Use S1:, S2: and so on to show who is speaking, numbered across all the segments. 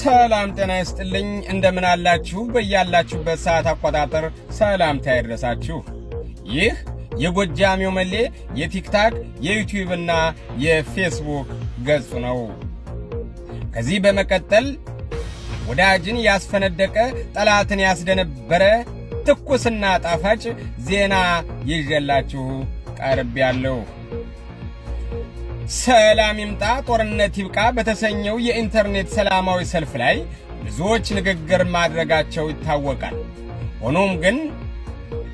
S1: ሰላም ጤና ይስጥልኝ። እንደምን አላችሁ? በያላችሁበት ሰዓት አቆጣጠር ሰላምታ ይድረሳችሁ። ይህ የጎጃም መሌ የቲክታክ የዩቲዩብና የፌስቡክ ገጹ ነው። ከዚህ በመቀጠል ወዳጅን ያስፈነደቀ ጠላትን ያስደነበረ ትኩስና ጣፋጭ ዜና ይዤላችሁ ቀርቤያለሁ። ሰላም ይምጣ ጦርነት ይብቃ በተሰኘው የኢንተርኔት ሰላማዊ ሰልፍ ላይ ብዙዎች ንግግር ማድረጋቸው ይታወቃል። ሆኖም ግን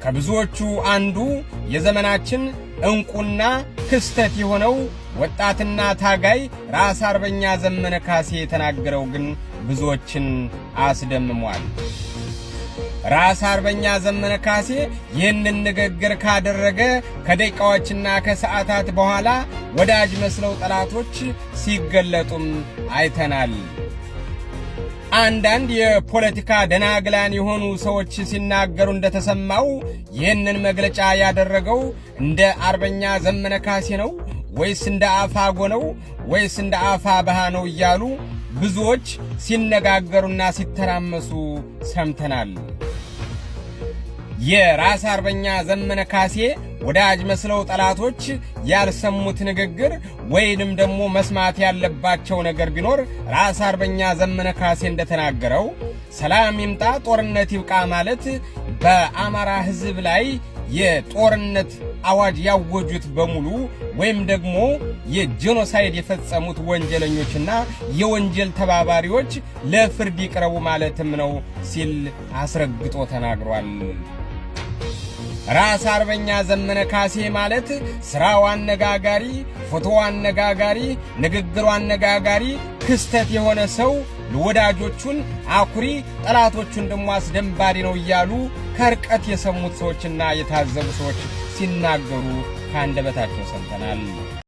S1: ከብዙዎቹ አንዱ የዘመናችን እንቁና ክስተት የሆነው ወጣትና ታጋይ ራስ አርበኛ ዘመነ ካሴ የተናገረው ግን ብዙዎችን አስደምሟል። ራስ አርበኛ ዘመነ ካሴ ይህንን ንግግር ካደረገ ከደቂቃዎችና ከሰዓታት በኋላ ወዳጅ መስለው ጠላቶች ሲገለጡም አይተናል። አንዳንድ የፖለቲካ ደናግላን የሆኑ ሰዎች ሲናገሩ እንደተሰማው ይህንን መግለጫ ያደረገው እንደ አርበኛ ዘመነ ካሴ ነው ወይስ እንደ አፋጎ ነው ወይስ እንደ አፋ ባህ ነው እያሉ ብዙዎች ሲነጋገሩና ሲተራመሱ ሰምተናል። የራስ አርበኛ ዘመነ ካሴ ወዳጅ መስለው ጠላቶች ያልሰሙት ንግግር ወይንም ደግሞ መስማት ያለባቸው ነገር ቢኖር ራስ አርበኛ ዘመነ ካሴ እንደተናገረው ሰላም ይምጣ ጦርነት ይብቃ ማለት በአማራ ሕዝብ ላይ የጦርነት አዋጅ ያወጁት በሙሉ ወይም ደግሞ የጄኖሳይድ የፈጸሙት ወንጀለኞችና የወንጀል ተባባሪዎች ለፍርድ ይቅረቡ ማለትም ነው ሲል አስረግጦ ተናግሯል። ራስ አርበኛ ዘመነ ካሴ ማለት ስራው አነጋጋሪ፣ ፎቶ አነጋጋሪ፣ ንግግሩ አነጋጋሪ ክስተት የሆነ ሰው ወዳጆቹን አኩሪ፣ ጠላቶቹን ደሞ አስደንባሪ ነው እያሉ ከርቀት የሰሙት ሰዎችና የታዘቡ ሰዎች ሲናገሩ ከአንደበታቸው ሰምተናል።